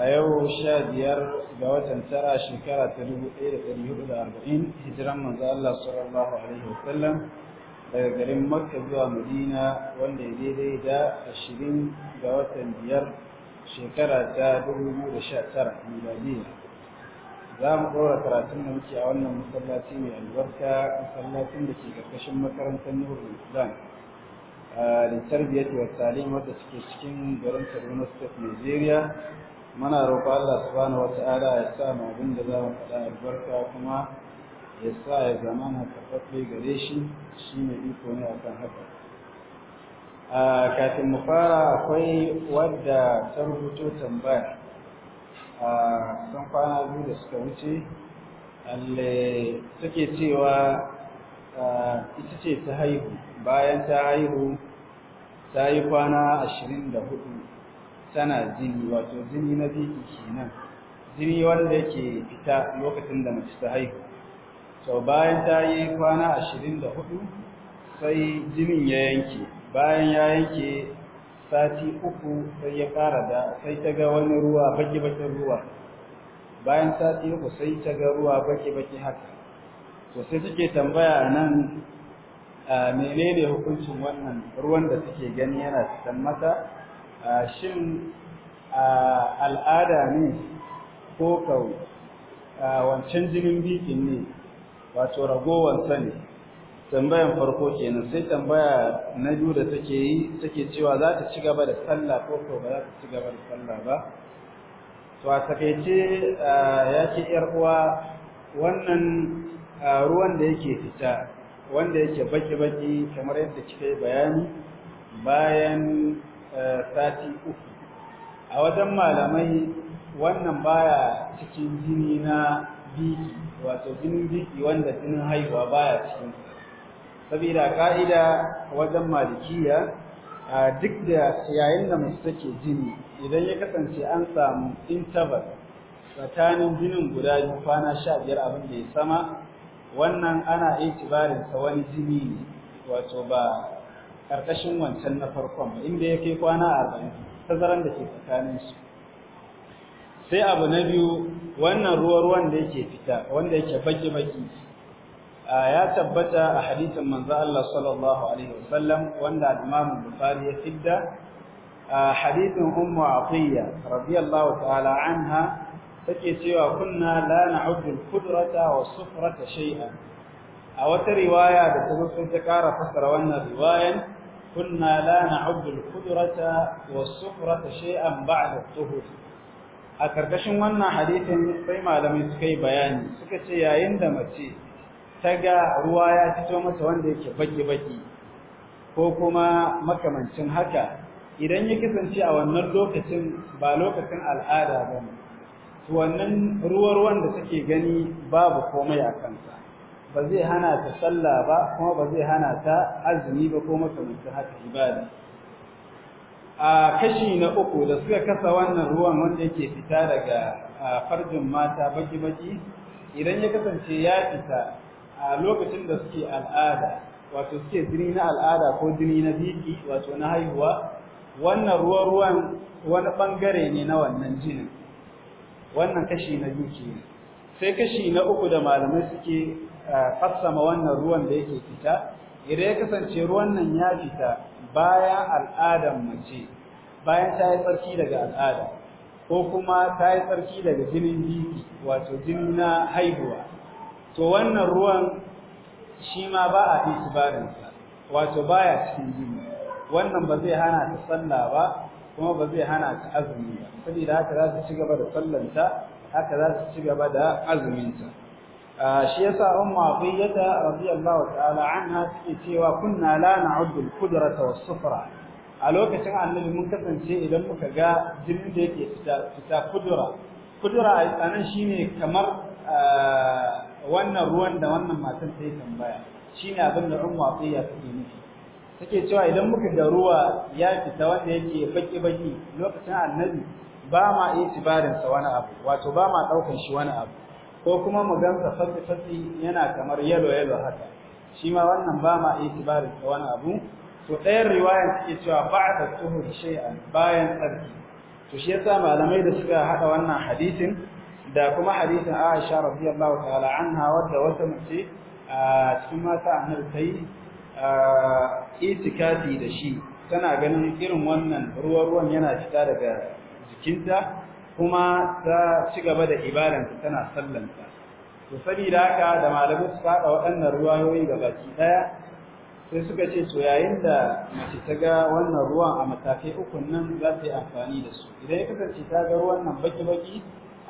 a yau sha biyar ga watan tara shekara ta dubu ɗaya da ɗari hudu da arba'in hijiran manzo Allah sallallahu alaihi wasallam daga garin Makka zuwa Madina wanda ya daidai da ashirin ga watan biyar shekara ta dubu biyu da sha tara miladiya za mu ɗora karatun da muke a wannan masallaci mai albarka masallacin da ke ƙarƙashin makarantar Nurul Islam a da tarbiyyar wa talim wadda suke cikin garin Kaduna State Nigeria muna roƙo Allah wata wata'ala ya sa mu abin da za mu faɗa albarka kuma ya sa ya zama na karɓaɓɓe gare shi shi ne iko ne akan haka a kafin mu fara akwai wadda ta rubuto tambaya a san kwana biyu da suka wuce alle take cewa ita ce ta haihu bayan ta haihu ta yi kwana ashirin da hudu tana jini wato jini na biki kenan jini wanda yake fita lokacin da mace ta haihu to bayan ta yi kwana 24 sai jinin ya yanke bayan ya yanke sati uku sai ya fara da sai ta ga wani ruwa baki baki ruwa bayan sati uku sai ta ga ruwa baki-baki haka to sai suke tambaya nan ah, menene hukuncin wannan ruwan da suke gani yana fitan mata shin al'ada ne ko kawai wancan jinin bikin ne wato ragowar sani tambayan farko kenan sai tambaya na biyu da take yi take cewa za ta ci gaba da sallah ko ko ba za ta ci gaba da sallah ba to a takaice ya ce yar uwa wannan ruwan da yake fita wanda yake baki-baki kamar yadda kika yi bayani bayan Eh, sati uku a wajen malamai wannan baya cikin jini na biki wato jinin biki wanda jinin haihuwa baya cikin saboda ka'ida wajen malikiya duk da yayin da mace take jini idan ya kasance an samu interval tsakanin jinin guda biyu kwana biyar abin da ya sama wannan ana itibarin wani jini ne wato ba karkashin wancan na farkon inda yake kwana 40 tazaran da ke tsakanin su sai abu na biyu wannan ruwa ruwan da yake fita wanda yake baki baki ya tabbata a hadisin manzo Allah sallallahu alaihi wasallam wanda Imam Bukhari ya fidda hadisin Ummu Atiyya radiyallahu ta'ala anha take cewa kunna la na'uddu al-qudrata wa sufrata shay'an a wata riwaya da ta zo ta kara fasara wannan riwayan كنا لا نعد القدرة والسفرة شيئا بعد الطهور a karkashin wannan hadisin sai malamai suka yi bayani suka ce yayin da mace ta ga ruwa ya fito mata wanda yake baki-baki ko kuma makamancin haka idan ya kasance a wannan lokacin ba lokacin al'ada ba ne wannan ruwa-ruwan da take gani babu komai a kansa ba zai hana ta sallah ba kuma ba zai hana ta azumi ba ko makamancin haka ibada a kashi na uku da suka kasa wannan ruwan wanda yake fita daga farjin mata baki-baki idan ya kasance ya fita a lokacin da suke al'ada wato suke jini na al'ada ko jini na biki wato na haihuwa wannan ruwan ruwan wani bangare ne na wannan jinin wannan kashi na biki sai kashi na uku da malamai suke kassama wannan ruwan da yake fita idan ya kasance ruwan nan ya fita bayan al'adan mace bayan ta yi tsarki daga al'ada ko kuma ta yi tsarki daga jinin jiki, wato jini na haihuwa to wannan ruwan shi ma ba a itibarinsa wato baya cikin jini wannan ba zai hana ta sallah ba kuma ba zai hana ta azumi ba saboda haka za su ci gaba da tsallanta, haka za su ci gaba da azuminta shi yasa umma qiyata radiyallahu ta'ala anha take cewa kunna la na'uddu al-qudrata was-sufra a lokacin annabi mun kasance idan muka ga jinin da yake fita kudura kudura a tsanan shine kamar wannan ruwan da wannan matan ta yi tambaya shine abin da umma qiya take nufi take cewa idan muka ga ruwa ya fita wanda yake baki baki lokacin annabi ba ma itibarin sa wani abu wato ba ma daukan shi wani abu ko kuma mu gansa fatsi fatsi yana kamar yalo yalo haka shi ma wannan ba ma itibarin ta wani abu to ɗayan riwayar take cewa ba'da tuhur shay'an bayan tsarki to shi yasa malamai da suka haɗa wannan hadisin da kuma hadisin Aisha radiyallahu ta'ala anha wadda wata mace a cikin mata annabi tayi itikafi da shi tana ganin irin wannan ruwa ruwan yana fita daga jikinta kuma ta ci gaba da ibadanta tana sallanta to da haka da malamai su faɗa waɗannan ruwayoyi ga baki ɗaya sai suka ce to yayin da mace ta ga wannan ruwan a matakai uku nan za ta yi amfani da su idan ya kasance ta ga ruwan nan baki-baki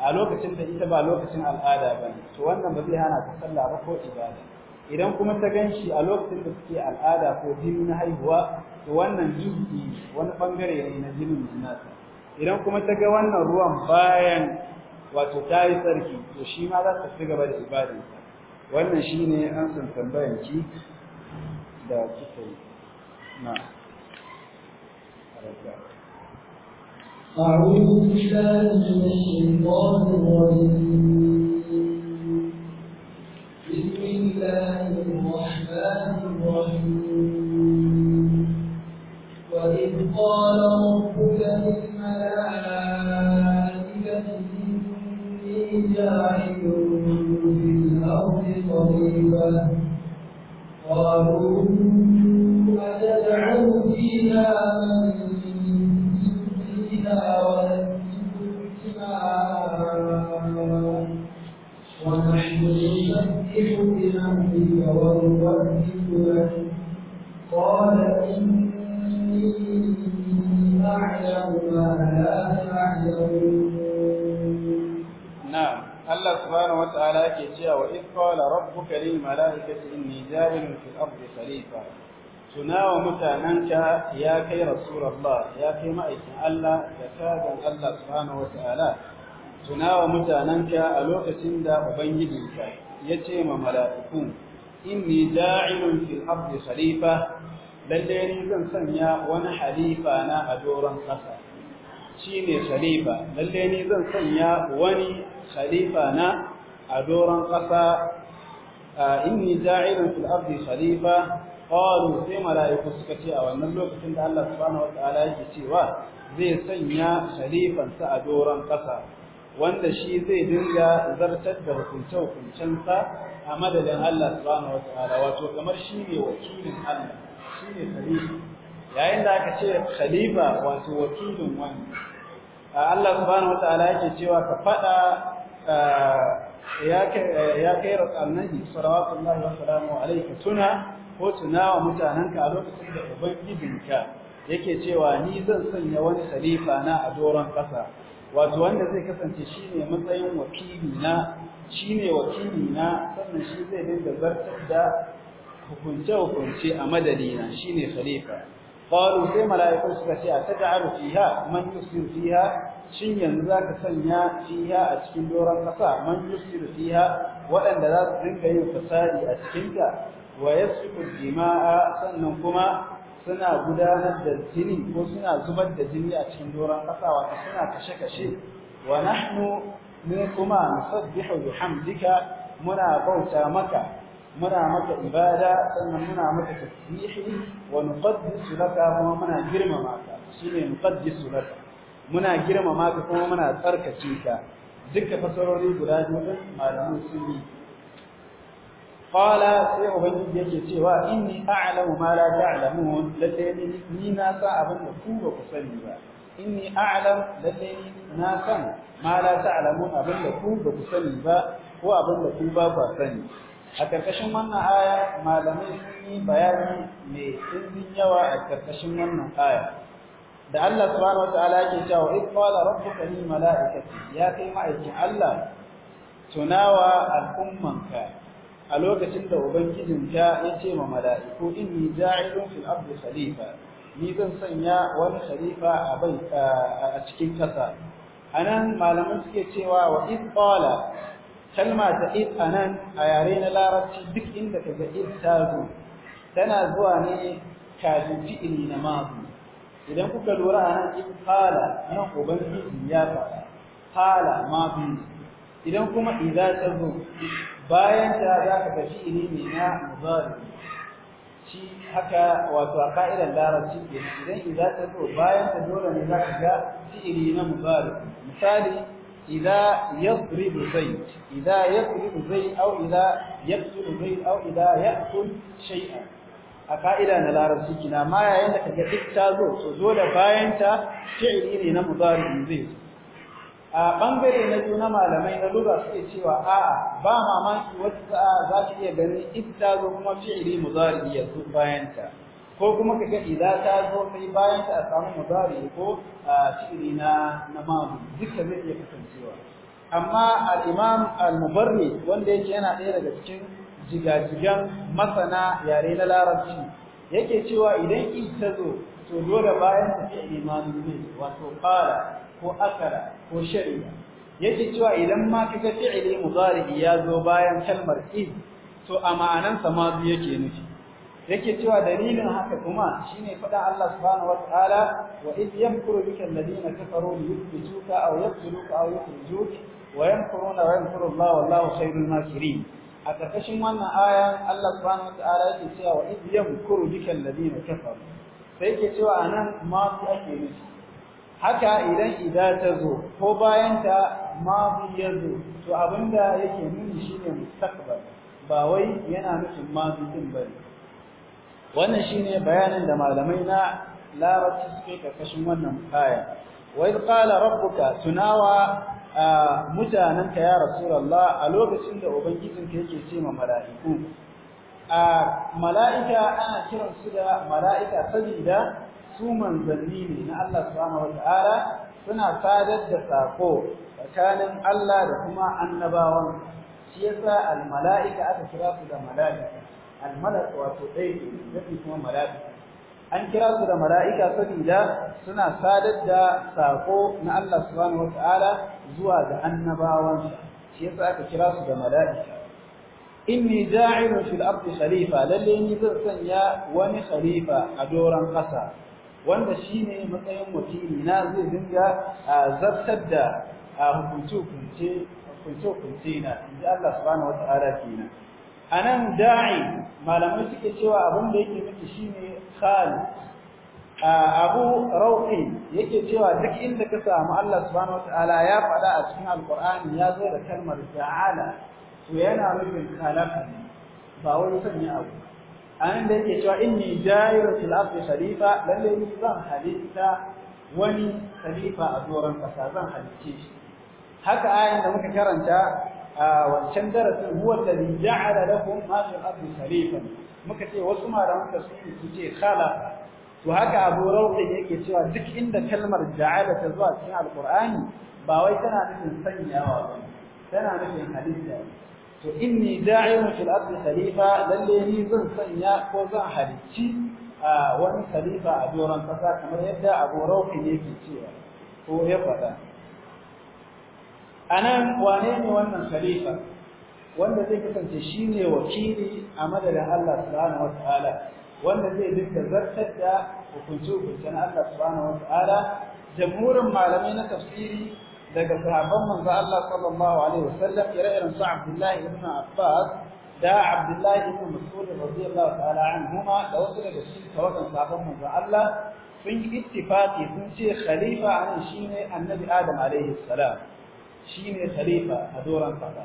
a lokacin da ita ba lokacin al'ada ba ne to wannan ba zai hana ta sallah ba ko ibada idan kuma ta gan shi a lokacin da suke al'ada ko jini na haihuwa to wannan jini wani bangare ne na jinin nata idan kuma ta ga wannan ruwan bayan wato ta yi tsarki to shi ma za ta fi gaba da ibadarsa wannan shi ne an san tambayanki ki da kika yi na أعوذ بالله من الشيطان الرجيم mutanenka ya kai rasulullah ya kai ma'aikin Allah da kagan Allah subhanahu wata'ala tuna wa mutanenka a lokacin da Ubangijinka ya ce ma mala'iku inni da'ilun fil khalifa lalle ni zan sanya wani halifa na a doron ƙasa shine khalifa lalle ni zan sanya wani khalifa na a doron ƙasa inni da'ilun fil khalifa qalu sai mala'iku suka ce a wannan lokacin da Allah subhanahu wataala yake cewa zai sanya khalifan sa a doron kasa wanda shi zai dinga zartar da hukunce hukuncen sa a madadin Allah subhanahu wataala wato kamar shi ne wakilin Allah shi ne khalifa yayin da aka ce khalifa wato wakilin wani Allah subhanahu wataala yake cewa ka fada ya kai ya kai rasulullahi sallallahu alaihi wasallam tuna ko tunawa mutanenka a lokacin da ubangijinka yake cewa ni zan sanya wani khalifa na a doron ƙasa wato wanda zai kasance shine matsayin wakili na ne wakili na sannan shi zai dinga zartar da hukunce hukunce a shi ne khalifa qalu sai mala’ikun suka ce a taj'alu fiha man yusir fiha shin yanzu za ka sanya fiha a cikin doron ƙasa man yusir fiha waɗanda za su dinga yin fasari a cikin wa yasfu dima'a sannan kuma suna gudanar da jini ko suna zubar da jini a cikin doron ƙasa wato suna kashe-kashe wa nahnu mun kuma nusabbihu bihamdika muna bauta maka muna maka ibada sannan muna maka tasbihi wa nuqaddisu laka kuma muna girmama ka shine nuqaddisu laka muna girmama ka kuma muna tsarkace ka duka fasarori guda biyu malamin sun yi qala sai ubangiji yake cewa inni a'lamu ma la ta'lamun lalle ni na sa abin da ku ba ku sani ba inni a'lam lalle ni na san ma la ta'lamun abin da ku ba ku sani ba ko abin da ku ba ku sani a karkashin wannan aya malamai sun yi bayani mai tsindin yawa a karkashin wannan aya da Allah subhanahu wataala yake cewa id qala rabbuka lil malaikati ya kai ma'aikin Allah tunawa al'ummanka a lokacin da ubangijinta ya ce ma mala'iku inni ja'ilun fil ardi khalifa ni zan sanya wani khalifa a ƙasa. a nan, kasa suke cewa wa id kalma ta id anan a yare na larabci duk inda kaga id ta zo tana zuwa ne kafin fi'ili na mazu idan kuka lura anan id qala nan ubangiji ya faɗa qala mazu idan kuma idza ta zo bayan ta za ka tafi ilimi na mudari shi haka wato a ka'idar larabci ke idan idza ta zo bayan ta dole ne za ka ga fi'ili na mudari misali idza yadribu zayd idza au zayd aw idza yaqtulu au aw idza ya'kul shay'an a ka'ida na larabci kina ma yayin da kaga duk ta zo to dole bayan ta fi'ili ne na mudari zai zo a bangare na juna malamai na lura suke cewa a'a ba mamaki wata za ta iya ganin ta zo kuma fi'ili zari ya zo bayanta, ko kuma ka ga idan ta zo sai bayanta a samu muzari ko fi'ili na na mamu duka zai iya kasancewa amma al-imam al-mubarri wanda yake yana ɗaya daga cikin jigajigan masana yare na larabci yake cewa idan ita ta zo to dole bayan ta fi'ili mamu ne wato fara. ko akara ko shari'a yake cewa idan ma kaga fi'ili mudari ya zo bayan kalmar iz to a ma'anansa madi yake nufi yake cewa dalilin haka kuma shine fada Allah subhanahu wataala wa id yamkuru bika alladhina kafaru liyuthbituka aw yaqtuluka aw yukhrijuk wa yamkuruna wa yamkuru Allah wallahu khayrul makirin a karkashin wannan aya Allah subhanahu wataala yake cewa wa id yamkuru bika alladhina kafaru sai yake cewa anan madi ake nufi haka idan ida ta zo ko bayan ta madi ya zo to abinda yake nuni shine mustaqbal ba wai yana nufin madi din bane wannan shine bayanin da malamai na larabci suke karkashin wannan aya wa id qala rabbuka tunawa mutananka ya rasulullah a lokacin da ubangijinka yake ce ma mala'iku a mala'ika ana kiransu da mala'ika sabida? su manzanni ne na Allah subhanahu wata'ala suna sadar da sako tsakanin Allah da kuma annabawan shi yasa almala'ika aka kira su da mala'ika almalak wato dai ne kuma mala'ika an kira su da mala'ika saboda suna sadar da sako na Allah subhanahu wata'ala zuwa ga annabawan shi yasa aka kira su da mala'ika inni ja'ilun fil ardi khalifa lalle ni zan sanya wani khalifa a doran kasa wanda shine matsayin wakili na zai dinga zartar da hukunce hukunce na inji Allah subhanahu wataala kenan anan da'i malamai suke cewa abin da yake miki shine khali Abu Rauhi yake cewa duk inda ka samu Allah subhanahu wataala ya faɗa a cikin Alƙur'ani ya zo da kalmar ta'ala to yana nufin khalaqa ba wani sanya abu an da yake cewa inni ja'iru fil ardi khalifa lalle ni zan halitta wani khalifa a doron kasa zan halicce shi haka ayan da muka karanta a wancan darasin huwa alladhi ja'ala lakum ma fil ardi khalifa muka ce wasu malaman tafsiri su ce khala to haka Abu Rawdin yake cewa duk inda kalmar ja'ala ta zuwa cikin alqur'ani ba wai tana nufin sanyawa ba tana nufin halitta to inni da'irun fil ardi khalifa lalle ni zan sanya ko zan halicci a wani khalifa a doron kasa kamar yadda Abu Rawfi yake cewa ko ya faɗa anan wane ne wannan khalifa wanda zai kasance shine wakili a madadin Allah subhanahu wataala wanda zai dinka zartar da hukunci hukuncin Allah subhanahu wataala jamhurin malamai na tafsiri daga sahabban manzo Allah sallallahu alaihi wasallam ire-iren su Abdullahi ibn Abbas da Abdullahi ibn Mas'ud radiyallahu ta'ala anhuma da wasu daga cikin tawagan sahabban manzo Allah sun yi ittifaqi sun ce khalifa anan shine Annabi Adam alaihi salam shine khalifa a doran kasa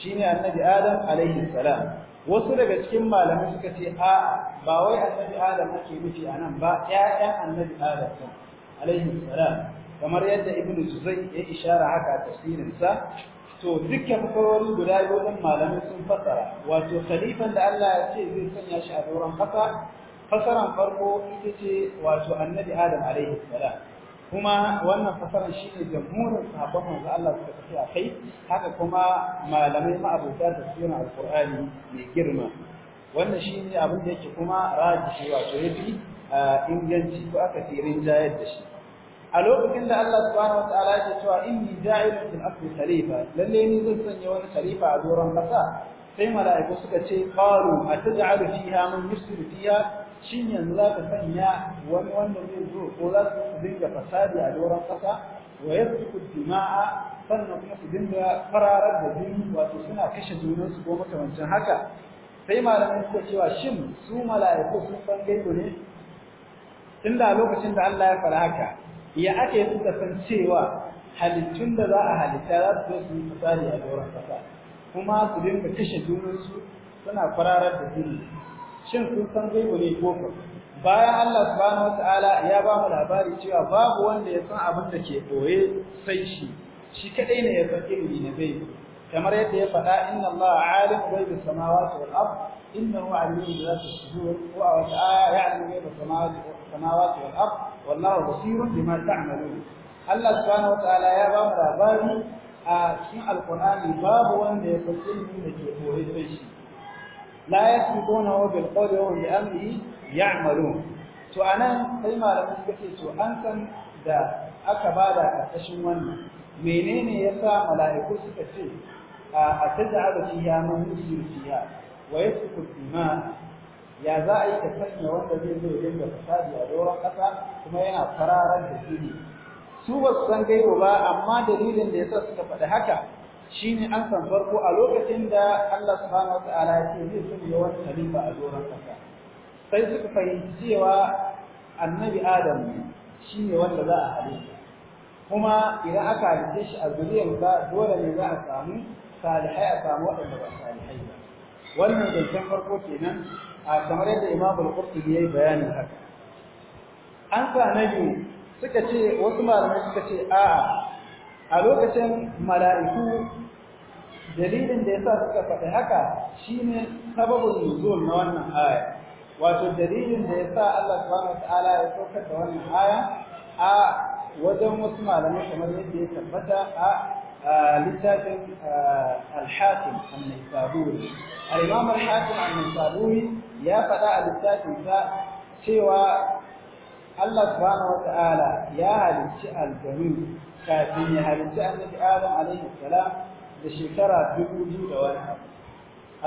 shine Annabi Adam alaihi salam wasu daga cikin malamai suka ce a ba wai Annabi Adam ake nufi anan ba ƴaƴan Annabi Adam alaihi salam kamar yadda Ibn Juzai ya ishara haka a tafsirin sa to dukkan fakarori guda biyu din malamai sun fasara wato khalifan da Allah ya ce zai sanya shi a doron kasa fasaran farko ita ce wato annabi Adam alaihi salam kuma wannan fasarar shine jamhurin sahabban manzo Allah suka tafi a kai haka kuma malamai ma'abuta tafsirin alqur'ani mai girma wannan shine abin da yake kuma rajihi wato yafi ah, inganci ko aka tirin jayar da shi a lokacin da Allah subhanahu wataala yake cewa inni ja'ilun fil ardi khalifa lalle ni zan sanya wani khalifa a doron kasa sai mala'iku suka ce qalu ataj'alu fiha man yusri fiha shin yanzu za ka sanya wani wanda zai zo ko za su dinga fasadi a doron kasa wa yasfiku dima'a sannan kuma su dinga fararar da jini wato suna kashe junansu ko makamancin haka sai malamin suka cewa shin su mala'iku sun san gaibu ne tunda lokacin da Allah ya fara haka ya ake suka san cewa halittun da za a halitta za su zo su yi misali a doron kasa kuma su dinga kashe junansu suna kwararar da jini shin sun san zai ne ko ko bayan Allah subhanahu wataala ya ba mu labari cewa babu wanda ya san abin da ke boye sai shi shi kadai ne ya san ilimi na zai yi. kamar yadda ya faɗa inna Allah alim ghaibi samawati wal ard innahu alimun bi dhati sudur wa wa ta'ala ya'lamu ghaibi samawati samawati wal ard wallahu basirun bima ta'malun Allah subhanahu wa ta'ala ya ba mu labari a cikin alqur'ani babu wanda ya san ilmin da ke koyi sai shi la yasbiqunahu bil qawli wa bi amrihi ya'malun to anan sai malamin suka ce to an san da aka bada kashin wannan menene yasa mala'iku suka ce atad'ab siyama min siyama wa yasku dima ya za a yi ta sanya wanda zai zo yin da fasadi a doron kasa kuma yana fararar da shi su basu su san gaiwa ba amma dalilin da ya sa suka faɗi haka shine an san farko a lokacin da Allah subhanahu wataala ya ce zai sanya wani khalifa a doron kasa sai suka fahimci cewa annabi Adamu shine wanda za a halitta kuma idan aka halitta shi a zuriyar ba dole ne za a samu salihai a samu waɗanda ba salihai ba wannan zancen farko kenan a kamar yadda imamu al-qurtubi yayi bayanin haka an sa na suka ce wasu malamai suka ce a a lokacin mala'iku dalilin da yasa suka faɗi haka shine sababin nuzul na wannan aya wato dalilin da yasa Allah subhanahu wataala ya saukar da wannan aya a wajen wasu malamai kamar yadda ya tabbata a littafin al-hakim an-nisaburi al-imam al-hakim an-nisaburi ya faɗa a littafin sa cewa Allah subhanahu wata'ala ya halicci aljanu kafin ya halicci annabi Adam alaihi salam da shekara dubu biyu da wani abu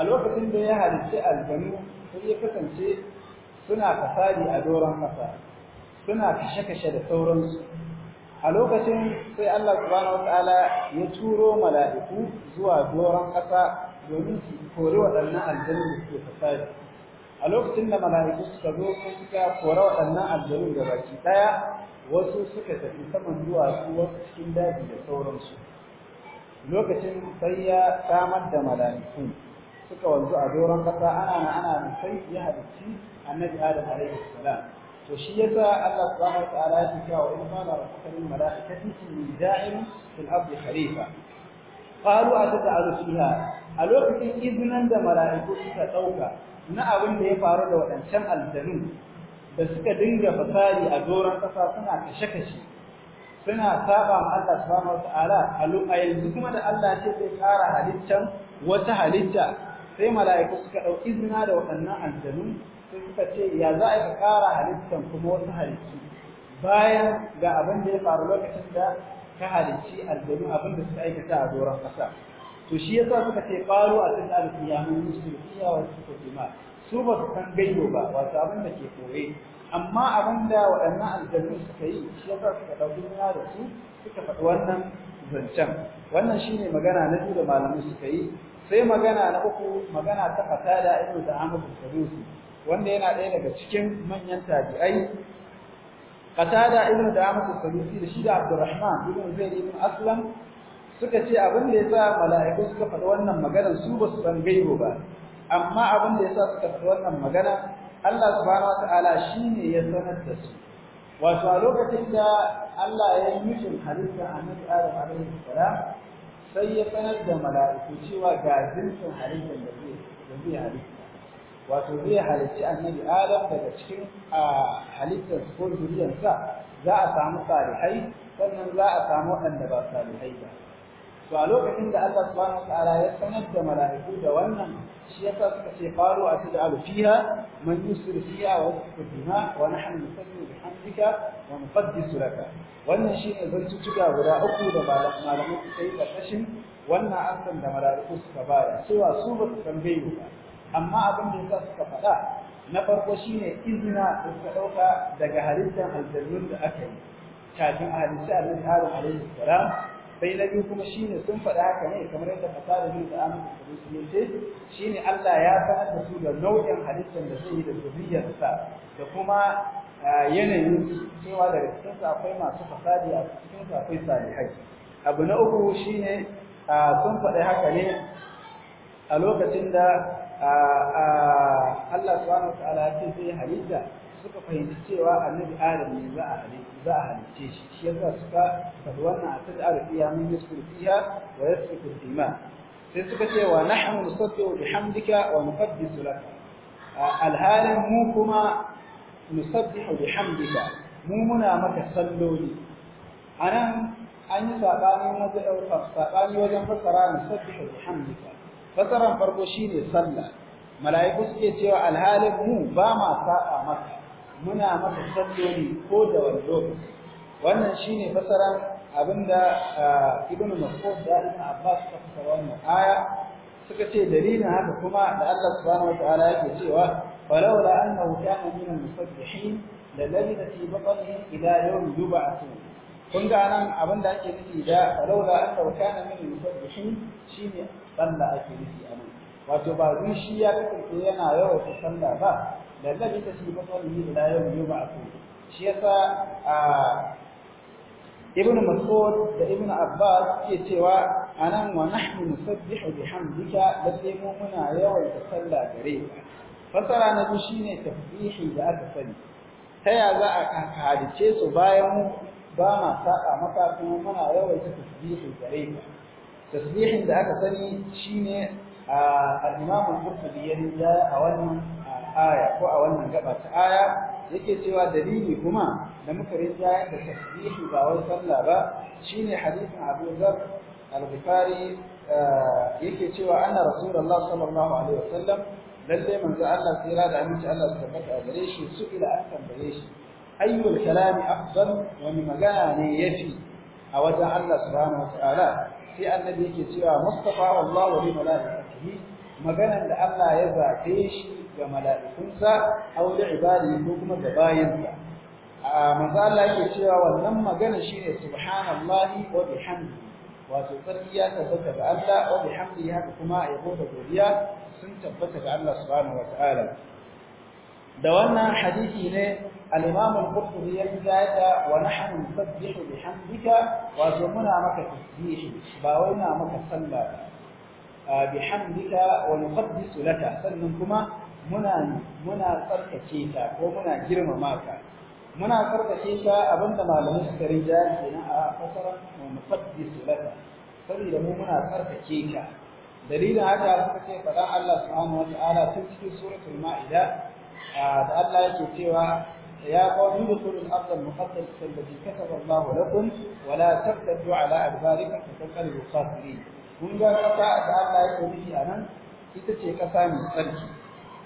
a lokacin da ya halicci aljanu sun ya kasance suna fasadi a doron kasa suna kashe-kashe da sauransu a lokacin sai Allah subhanahu wataala ya turo mala'iku zuwa doron ƙasa domin su kori waɗannan aljanu da suke fasadi a lokacin da mala'iku suka zo sun suka kora waɗannan aljanu da baki ɗaya wasu suka tafi saman duwatsu wasu cikin daji da sauransu lokacin sai ya samar da mala'iku suka wanzu a doron ƙasa ana na ana sai ya halicci annabi adam alaihi salam to shi yasa Allah subhanahu wataala ya ce wa in kana rabbuka lil malaikati da'im fil ardi khalifa qalu atata'alu fiha a lokacin iznan da malaiku suka dauka na abin da ya faru da wadancan aljanu da suka dinga fasari a doran kasa suna kashe-kashe suna saba ma Allah subhanahu wataala a yanzu kuma da Allah ce zai kara halittan wata halitta sai mala'iku suka dau izina da waɗannan aljanu sai suka ce ya za a yi kara halittan kuma wasu halittu bayan ga abin da ya faru lokacin da ka halicci aljanu abin da suka aikata a doron kasa to shi yasa suka ce faru a cikin alƙiyamun musulmiya wasu suka jima su ba su san gaido ba wato abin da ke koye amma abin da waɗannan aljanu suka yi shi yasa suka ɗauki nuna da su suka faɗi wannan zancen wannan shine magana na biyu da malamai suka yi sai magana na uku magana ta fasada irin da amurka su. wanda yana ɗaya daga cikin manyan tabi'ai qatada ibn da as-sadusi da shi da abdurrahman ibn zaid ibn aslam suka ce abin da yasa mala'iku suka faɗi wannan magana su ba su san gaibo ba amma abin da yasa suka faɗi wannan magana Allah subhanahu wataala shine ya sanar da su wato a lokacin da Allah ya yi mishin halitta annabi Adam alaihi salam sai ya sanar da mala'iku cewa ga jinsin halittar da zai halitta wato zai halicci annabi adam daga cikin halittar ko zuriyarsa za a samu salihai sannan za a samu waɗanda ba salihai ba to a lokacin da Allah subhanahu wataala ya sanar da mala'iku da wannan shi yasa suka ce qalu atja'alu fiha man yusri fiha wa yusri wa nahnu nusabbihu bihamdika wa nuqaddisu laka wannan shine zantuttuka guda uku da malamai suka yi wannan asan da mala'iku suka bada cewa su ba su tambaye ba amma abin da yasa suka faɗa na farko shine izina da suka ɗauka daga halittar aljannun da aka yi kafin a halitta annabi harin alaihi salam sai na biyu kuma shine sun faɗa haka ne kamar yadda fasara bin da amma da musulmi Shi shine Allah ya sanar da su da nau'in halittar da zai yi da zuriyarsa da kuma yanayin cewa daga cikin su akwai masu fasadi a cikin su akwai salihai abu na uku shine sun faɗa haka ne a lokacin da Allah subhanahu wataala ya ce zai halitta suka fahimci cewa annabi Adam ne za a halitta za a halitta shi shi yasa suka faɗi wannan asal arfiya min yasku fiha wa yasku al-iman sai suka ce wa nahnu nusabbihu bihamdika wa nuqaddisu lak alhalan mu kuma nusabbihu bihamdika mu muna maka salloli anan an yi sabani wajen fassara nusabbihu bihamdika fasaran farko shine sallah mala'iku suke cewa alhalin mu ba ma sa'a maka muna maka salloli ko da wando. lokaci wannan shine fasaran abinda ibnu mas'ud da ibnu abbas suka fara wannan aya suka ce dalilin haka kuma da Allah subhanahu wataala yake cewa falawla annahu kana min al-musabbihin la labita fi batnihi ila yawm yub'athun kun ga nan abinda ake nufi da falawla annahu kana min al-musabbihin shine sallah ake nufi a nan wato ba wai shi ya kasance yana yawaita sallah ba lallabi ta shi ba sallah da yau yau ba su shi yasa a ibn mas'ud da ibn abbas ke cewa anan wa nahnu nusabbihu bihamdika sai mu muna yawaita sallah gare ka fasara na biyu shine tasbihi da aka sani ta ya za a halice su bayan mu ba ma saka maka kuma muna yawaita tasbihi gare ka tasbihin da aka sani shine al-Imam al-Qurtubi ya a wannan aya ko a wannan gaba ta aya yake cewa dalili kuma da muka rinja da tasbihi ba wai sallah ba shine hadisin Abu Dharr al-Bukhari yake cewa anna Rasulullah sallallahu alaihi wasallam lalle manzo Allah tsira da aminci Allah su tabbata a gare shi su ila an tambaye shi ayyul kalami afdal wani magana ne yafi a wajen Allah subhanahu wataala sai annabi yake cewa mustafa wallahu li malaikatihi maganan da Allah ya zabe shi ga mala'ikunsa aw li ibadihi ko kuma ga bayinsa a manzo Allah yake cewa wannan magana shine subhanallahi wa bihamdihi wato sarki ya tabbata ga Allah wa bihamdihi haka kuma ya da godiya sun tabbata ga Allah subhanahu wataala da wannan hadisi ne الإمام القرطبي يبدأ ونحن نسبح بحمدك وأزمنا مك تسبيح باوينا مك صلى بحمدك ونقدس لك سننكما منا منا تركتيك ومنا جرم ماك منا تركتيك أبنت ما لمسك رجال هنا فصرا ونقدس لك saboda mu muna tsarkake ka dalilin haka suka ce faɗan Allah subhanahu wa ta'ala tun cikin suratul ma'ida da Allah yake cewa يا قوم ادخلوا الارض المقدسه التي كتب الله لكم ولا ترتدوا على ادباركم فتنقلبوا خاسرين kun ga kasa da Allah ya nufi a nan ita ce kasa mai tsarki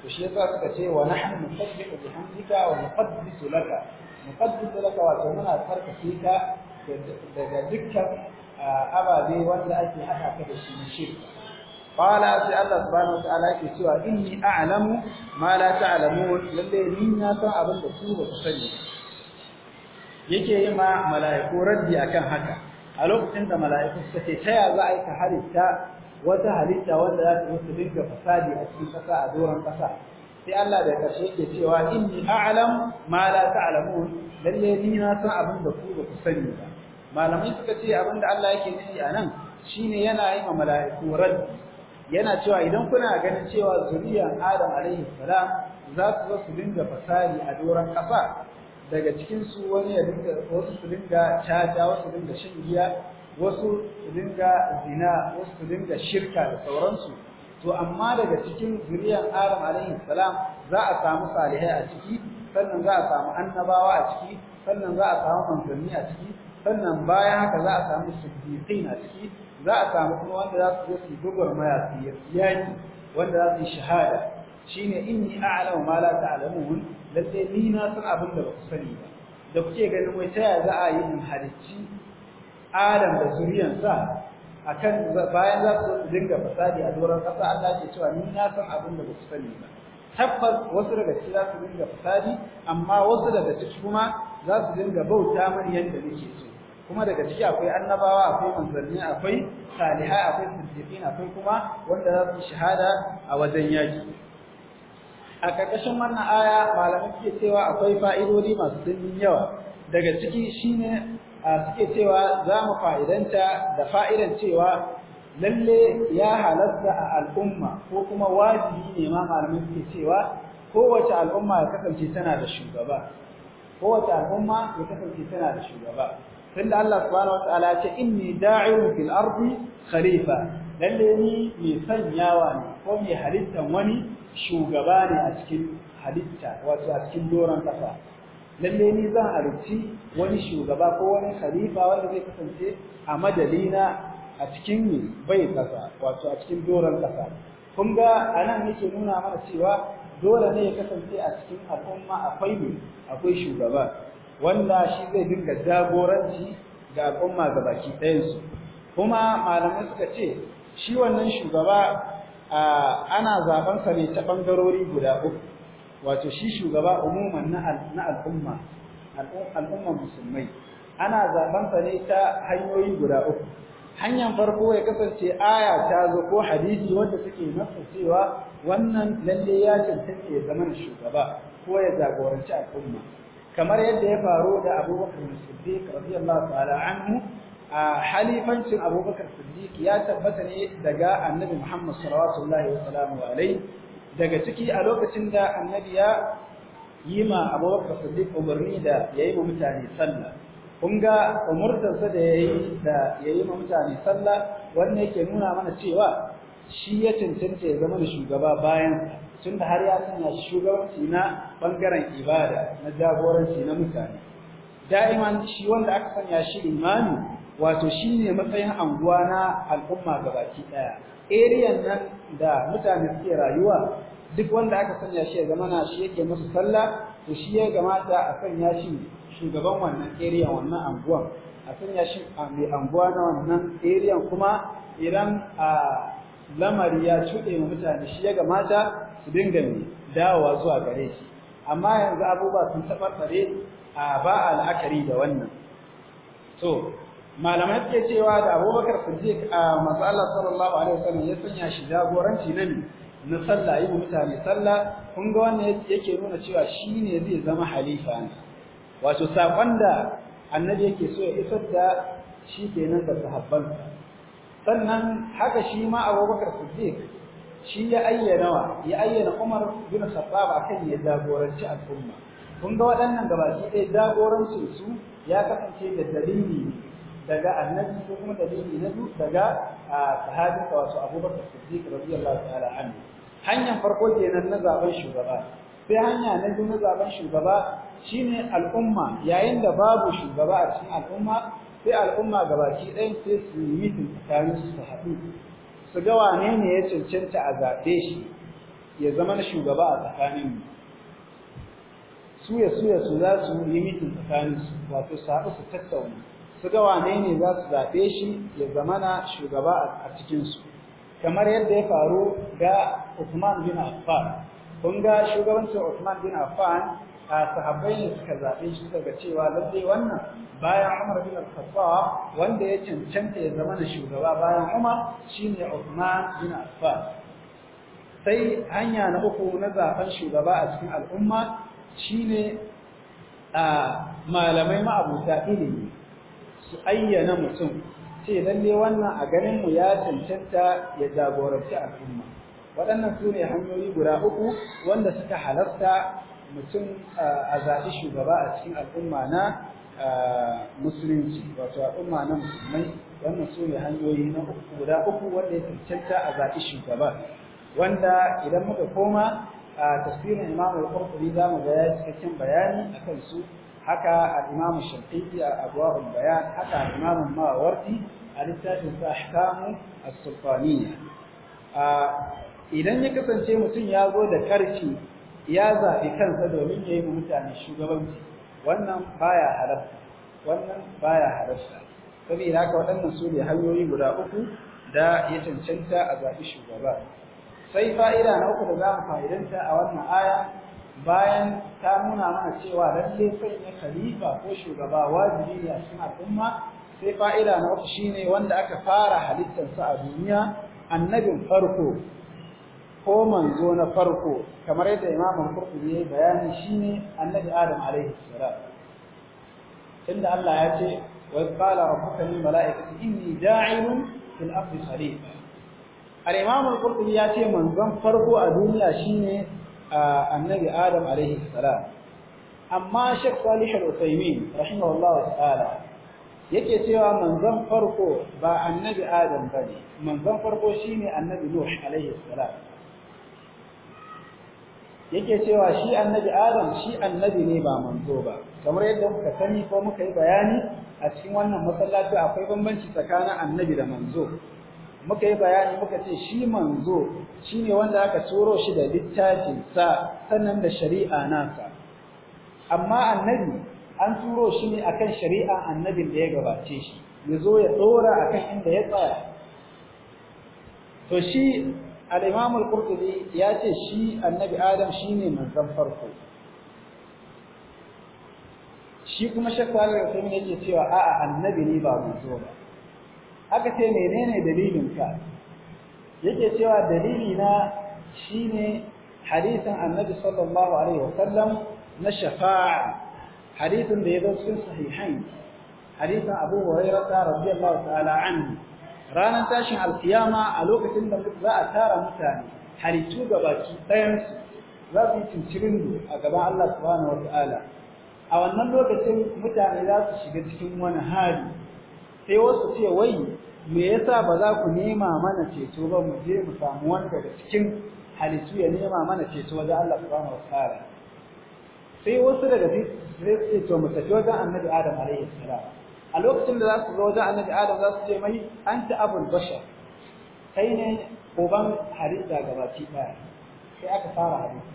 to shi yasa suka ce wa nahnu nusabbihu bihamdika wa nuqaddisu laka nuqaddisu laka wa muna tsarkake ka daga dukkan ababe wanda ake haɗa da shi shirka qala sai Allah subhanahu wataala yake cewa inni a'lamu ma la ta'lamun lalle ni na san abin da ku ba ku sani yake yi ma mala'iku raddi akan haka a lokacin da mala'iku suka ce ta ya za a yi ka halitta wata halitta wanda za ta mutu dinga fasadi a cikin ƙasa a doron ƙasa sai Allah da ƙarshe yake cewa inni a'lam ma la ta'lamun lalle ni na san abin da ku ba ku sani ba malamai suka ce abin da Allah yake nufi a nan shine yana yi ma mala'iku raddi yana cewa idan kuna ganin cewa zuriyar Adam alaihi salam za su zo su dinga fasari a doron ƙasa daga cikin su wani ya dinga wasu su dinga caca wasu dinga shirya, giya wasu su dinga zina wasu su dinga shirka da sauransu to amma daga cikin zuriyar Adam alaihi salam za a samu salihai a ciki sannan za a samu annabawa a ciki sannan za a samu manzanni a ciki sannan bayan haka za a samu siddiqin a ciki za a samu kuma wanda za su zo su gugwar maya su wanda za su yi shahada shine inni a'lamu ma la ta'lamun lalle ni na san abin da ba ku sani ba da kuke ganin wai ta yaya za a yi in halicci Adam da zuriyarsa akan bayan za su dinga fasadi a doron kasa Allah ke cewa ni na san abin da ba ku sani ba tabbas wasu daga ciki za su dinga fasadi amma wasu daga ciki kuma za su dinga bauta mani yadda nake so kuma daga ciki akwai annabawa akwai manzanni akwai salihai akwai siddiqin akwai kuma wanda za su shahada a wajen yaki a ƙarƙashin wannan aya malamai suke cewa akwai fa'idodi masu dimbin yawa daga ciki shine suke cewa za mu fa'idanta da fa'idan cewa lalle ya halatta a al'umma ko kuma wajibi ne ma malamai suke cewa kowace al'umma ya kasance kowace al'umma ya kasance tana da shugaba tunda Allah subhanahu wataala ya ce inni da'irun fil ardi khalifa lalle ni mai sanyawa ne ko mai halittan wani shugaba ne a cikin halitta wato a cikin doron kasa lalle ni zan halicci wani shugaba ko wani khalifa wanda zai kasance a madalina a cikin bai kasa wato a cikin doron kasa kun ga anan yake nuna mana cewa dole ne ya kasance a cikin al'umma akwai akwai shugaba wanda shi zai dinga jagoranci ga al'umma ga baki ɗayansu kuma malamai suka ce shi wannan shugaba ana zaben ne ta bangarori guda uku wato shi shugaba umuman na al'umma al'umman musulmai ana zaben ne ta hanyoyi guda uku hanyar farko ya kasance aya ta zo ko hadisi wanda suke nasa cewa wannan lalle ya cancanta ya zama shugaba ko ya jagoranci al'umma kamar yadda ya faru da abubakar siddiq radiyallahu ta'ala anhu a halifancin abubakar siddiq ya tabbata ne daga annabi muhammad sallallahu alaihi wa wasallam daga ciki a lokacin da annabi ya yi ma abubakar siddiq umarni da yayi ma mutane sallah kun ga sa da yayi da yayi ma mutane sallah wanne yake nuna mana cewa shi ya cancanta ya zama shugaba bayan tunda har ya sanya shugabanci na bangaren ibada na jagoranci na mutane Da'ima shi wanda aka sanya shi imani wato shine matsayin anguwa na al'umma gabaki daya area nan da mutane suke rayuwa duk wanda aka sanya shi ya zama na shi yake musu sallah to shi ya gamata a sanya shi shugaban wannan area wannan anguwan a sanya shi mai anguwa na wannan area kuma idan a lamari ya cuɗe mutane shi ya gamata su dinga dawowa zuwa gare shi amma yanzu abubuwa sun tabarbare a ba la'akari da wannan to malamai suke cewa da Abubakar Siddiq a matsalar sallallahu alaihi wasallam ya sanya shi jagoranci na ne na sallah yi mutane sallah kun ga wannan yake nuna cewa shi ne zai zama halifa ne wato saƙon da annabi yake so ya isar da shi kenan da sahabbansa sannan haka shi ma Abubakar Siddiq shi ya ayyana wa ya ayyana Umar bin Khattab akan ya jagoranci al'umma kun ga waɗannan gabaki ɗaya jagorancin su ya kasance da dalili daga annabi ko kuma dalili na daga sahabin ka wasu Abubakar Siddiq radiyallahu ta'ala anhu hanyar farko kenan na zaben shugaba sai hanya na biyu na zaben shugaba shine al'umma yayin da babu shugaba a cikin al'umma sai al'umma gabaki ɗayan sai su yi mitin tsakanin su haɗu su ga wane ne ya cancanta a zaɓe shi ya zama na shugaba a tsakanin su ya suya su za su yi mitin tsakanin su wato su haɗu su tattauna su ga wane ne za su zaɓe shi ya zama na shugaba a cikinsu kamar yadda ya faru ga Uthman bin Affan kun ga shugabancin Uthman bin Affan a sahabbai ne suka zaɓe shi daga cewa lalle wannan bayan Umar bin Al-Khattab wanda ya cancanta ya zama na shugaba bayan Umar shine Uthman bin Affan sai hanya na uku na zaben shugaba a cikin al'umma shine a malamai ma'abuta ilimi su ayyana mutum ce lalle wannan a ganin mu ya cancanta ya jagoranci al'umma waɗannan su ne hanyoyi guda uku wanda suka halarta mutum a zaɓi shugaba a cikin al'umma na musulunci wato al'umma na musulmai wannan su ne hanyoyi na uku guda uku wanda ya cancanta a zaɓi shugaba wanda idan muka koma a tafsirin imamu al-qurtubi za mu ga ya cikakken bayani akan su haka al-imamu shafi'i a abwaul bayan haka al-imamu mawardi a littafin sa ahkamu as-sultaniyya idan ya kasance mutum ya zo da karfi ya zaɓi kansa domin ya yi mutane shugabanci wannan baya halarta wannan baya halarta saboda haka waɗannan su ne hanyoyi guda uku da ya cancanta a zaɓi shugaba sai fa'ida na uku da za mu fa'idanta a wannan aya bayan ta nuna mana cewa lalle sanya khalifa ko shugaba wajibi ne a cikin al'umma sai fa'ida na uku shine wanda aka fara halittarsa a duniya annabin farko ko manzo na farko kamar yadda imamin qurtubi ya bayani ne annabi adam alaihi salam inda Allah ya ce wa qala rabbuka lil malaikati inni da'ilun fil ardi khalifa al-imam al-qurtubi ya ce manzon farko a duniya shine annabi adam alaihi salam amma shaykh salih al-usaymin rahimahullahu ta'ala yake cewa manzon farko ba annabi adam bane manzon farko shine annabi nuh alaihi salam yake cewa shi annabi adam shi annabi ne ba manzo ba kamar yadda muka sani ko muka yi bayani a cikin wannan masallaci akwai bambanci tsakanin annabi da manzo muka yi bayani muka ce shi manzo shine wanda aka turo shi da littafin sa sannan da shari'a nasa amma annabi an turo shi ne akan shari'a annabin da ya gabace shi yazo ya dora akan inda ya tsaya to shi al-imam ya ce shi annabi adam shine manzan farko shi kuma shakwa sun yake cewa a'a annabi ne ba mutu ba aka ce menene dalilin ka yake cewa dalili na shine hadisin annabi sallallahu alaihi wasallam na shafa'a hadisin da ya zo cikin sahihain hadisin abu hurairah radiyallahu ta'ala anhu ranar tashin alkiyama a lokacin da za a tara mutane halittu baki ɗayansu za su yi cincirin a gaban Allah subhanahu ta'ala a wannan lokacin mutane za su shiga cikin wani hari, sai wasu ce wai me yasa ba za ku nema mana ceto ba mu je mu samu wani daga cikin halittu ya nema mana ceto wajen Allah subhanahu ta'ala sai wasu daga sai su ce to mu tafi wajen Annabi Adam alaihi salam الوقت اللي ذاك روزة أن الآدم ذاك جمعي أنت أبو البشر فإن قبام حريق قباتي باري في أكثار حديثة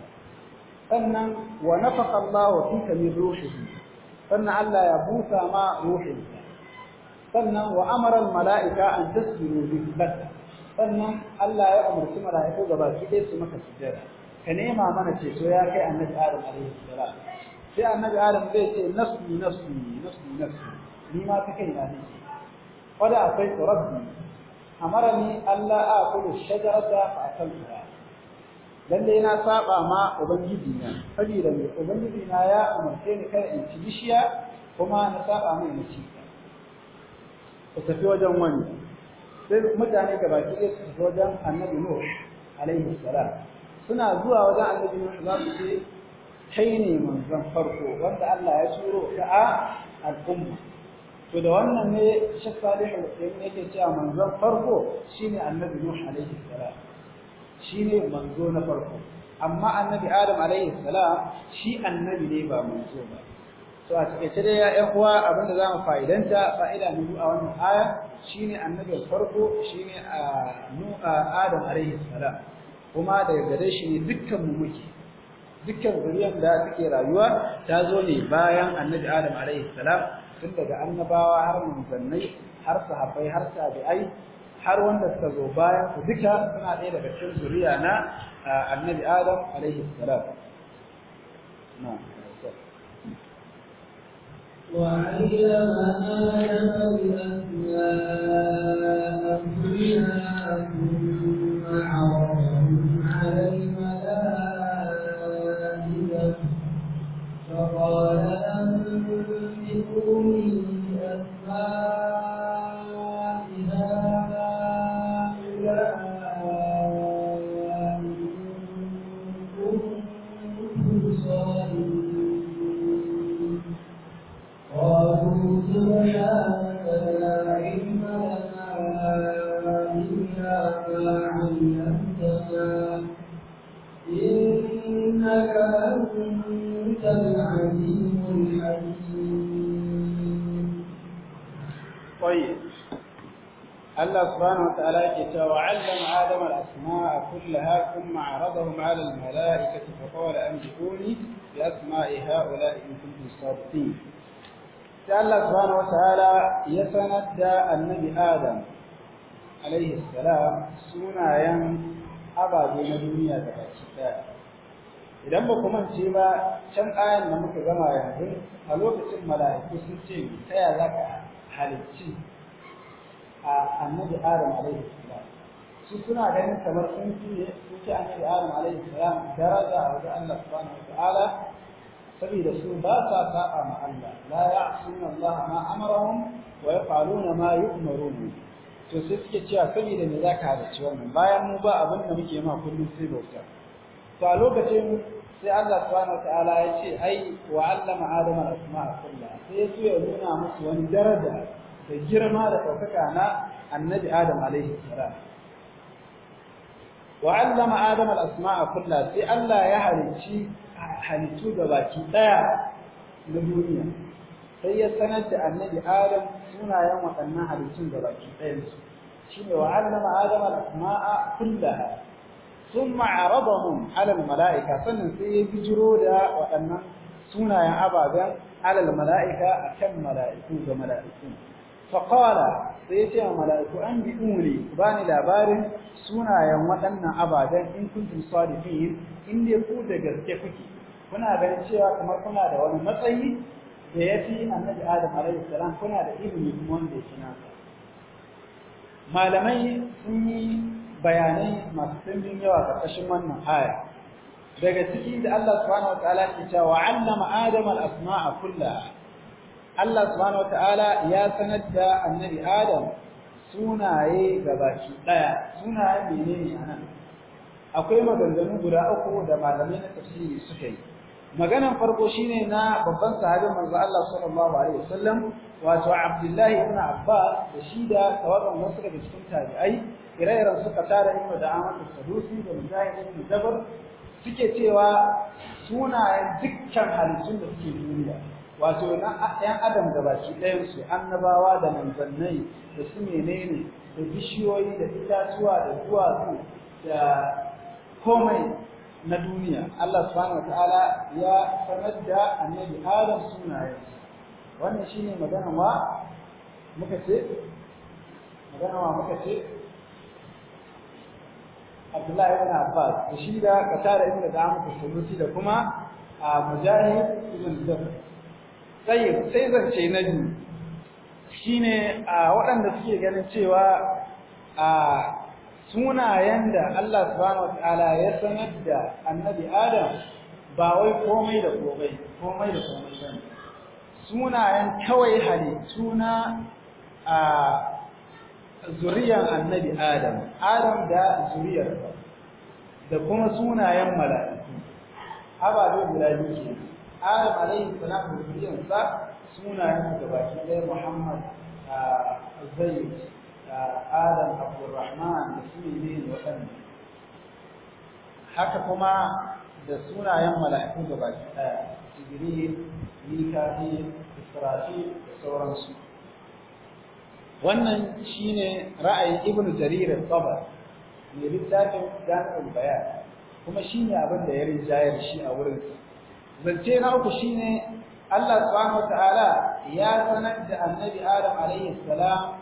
فإن ونفق الله فيك من روحه فإن الله يبوسى ما روحه فإن وأمر الملائكة أن تسجدوا به بس فإن الله يأمر سمع رائحه قباتي ليس مكة سجارة كنيما من تسويا كأن النبي آدم عليه السلام في أن النبي آدم بيته نفسي نفسي نفسي نفسي ni ma ta kaina ne qad akwai rabbi amarani alla aqulu shajarata fa dan dai na saba ma ubangiji na saboda mai ubangiji na ya umarce ni kai in ci bishiya kuma na saba mai ni ci ku tafi wajen wani sai mutane ga baki ɗaya su tafi wajen annabi nuh alaihi salam suna zuwa wajen annabi nuh za su ce kai ne manzon farko wanda Allah ya turo ka a al'umma to da wannan ne Sheikh salihu Al-Utsaimin yake cewa manzon farko shine Annabi Nuh alaihi salam shine manzo na farko amma Annabi Adam alaihi salam shi annabi ne ba manzo ba to a cikin cire ya ƴan uwa da zamu fa'idanta fa'ida na a wannan aya shine annabi farko shine Nuh Adam alaihi salam kuma daga gare shi ne dukkan mu muke dukkan zuriyar da suke rayuwa ta zo ne bayan Annabi Adam alaihi salam tun daga annabawa har manzannai har sahabbai har tabi'ai har wanda suka zo baya su duka suna ɗaya daga cikin zuriya na annabi adam alaihi salam وعلم آدم الأسماء كلها الله سبحانه وتعالى وعلم آدم الأسماء كلها ثم عرضهم على الملائكة فقال أنبئوني بأسماء هؤلاء إن كنتم صادقين الله سبحانه وتعالى يتندى النبي آدم عليه السلام سنايا أبا بين الدنيا تبعشتها idan ba kuma ce ba can ayan da muka gama yanzu a lokacin mala'iku sun ce ta ya halicci a annabi adam alaihi salam su suna ganin kamar sun su sun an annabi adam alaihi salam daraja a wajen Allah subhanahu wa ta'ala saboda su ba sa sa'a ma Allah la ya'suna Allah ma amarahum wa yaf'aluna ma yu'marun to sai suke cewa saboda me zaka halarci wannan bayan mu ba abin da muke ma kullum sai bauta to a lokacin sai Allah subhanahu ta'ala ya ce ai wa allama adama al-asma'a kullaha sai su ya nuna musu wani daraja da girma da ɗaukaka na annabi Adam alaihi salam wa allama Adam al-asma'a kulla sai Allah ya halicci halittu da baki daya na duniya sai ya sanar da annabi Adam sunayen waɗannan halittun da baki ɗayan su shine wa allama Adam al-asma'a kullaha ثم عرضهم على mala'ika sannan sai ya bijiro da waɗannan sunayen ababen alal mala'ika akan mala'iku ga mala’ikun. faƙala sai ya ce a mala'iku an bi umri ku ba ni labarin sunayen waɗannan ababen in kuntum sadiqin in dai ku da gaske kuke kuna ganin cewa kamar kuna da wani matsayi da ya fi annabi adam alaihi salam kuna da ilimi kuma wanda ya shi nasa malamai sun yi bayanai masu dimbin yawa ƙarƙashin wannan aya daga ciki da Allah subhanahu wa ta'ala ke cewa 'allama adama al-asma'a kullaha Allah subhanahu wataala ya sanar da annabi Adam sunaye gabaki daya sunaye menene anan akwai maganganu guda uku da malamai na tafsiri suka yi maganan farko shine na babban sahabin manzo Allah sallallahu alaihi wasallam wato Abdullahi ibn Abbas da shi da wasu daga cikin tabi'ai ire suka tara ibn da Ahmad Sadusi da Mujahid ibn Jabr suke cewa sunayen dukkan halittun da suke duniya wato na ɗan adam da baki ɗayan su annabawa da manzannai da su menene da bishiyoyi da itatuwa da duwatsu da komai na duniya Allah subhanahu wataala ya sanar da annabi Adam su. wannan shine magana ma muka ce magana ma muka ce Abdullahi ibn Abbas da shi da Qatada ibn Da'am da Sanusi da kuma Mujahid ibn sai sai zance na biyu shine a waɗanda suke ganin cewa a sunayen da Allah subhanahu wataala ya sanar da annabi Adam ba wai komai da komai komai da komai bane sunayen kawai halittu suna a zuriyar annabi Adam, Adam da zuriyar da kuma sunayen mala'iku, ababe guda biyu adam alaihi salam da zuriyarsa sunayen su ɗaya muhammad zaid adam abdurrahman da su ne waɗanda haka kuma da sunayen mala'iku gabaki ɗaya jibril mika'il israfil da sauransu wannan shine ra'ayin ibn jarir al-tabari mai littafin jami'ul bayan kuma shine abin da ya rinjayar shi a wurinsa zance na uku shine Allah subhanahu wataala ya sanar da annabi Adam alaihi salam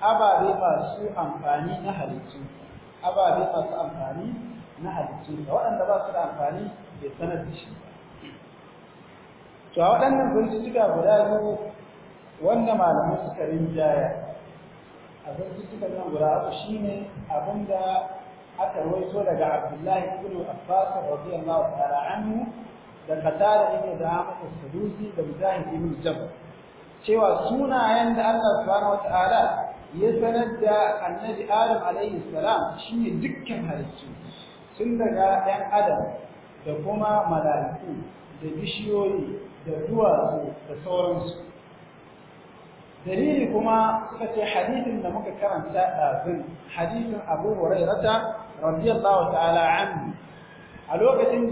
ababe masu amfani na halittu ababe masu amfani na halittu da waɗanda ba su da amfani bai sanar da shi to a waɗannan bincika guda biyu wanda malamai suka rinjaya a bincikan nan guda uku shine abinda aka so daga Abdullahi ibn Abbas radiyallahu ta'ala anhu da Qatada ibn da as-Sadusi da Mujahid ibn Jabr cewa sunayen da Allah subhanahu ta'ala ya sanar da Annabi Adam alayhi salam shine dukkan halittu tun daga ɗan adam da kuma malaiku da bishiyoyi da duwatsu da sauransu dalili kuma suka ce hadisin da muka karanta ɗazin hadisin Abu Hurairah radiyallahu ta'ala anhu a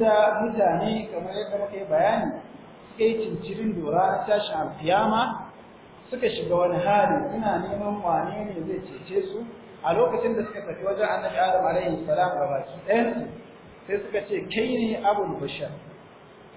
yadda mutane kamar yadda muka yi bayani suka yi cincirin dora tashin alfiyama suka shiga wani hali Ina neman wane ne zai cece su a lokacin da suka tafi wajen annabi adam alaihi salam ga baki ɗayansu sai suka ce kai ne abul bashar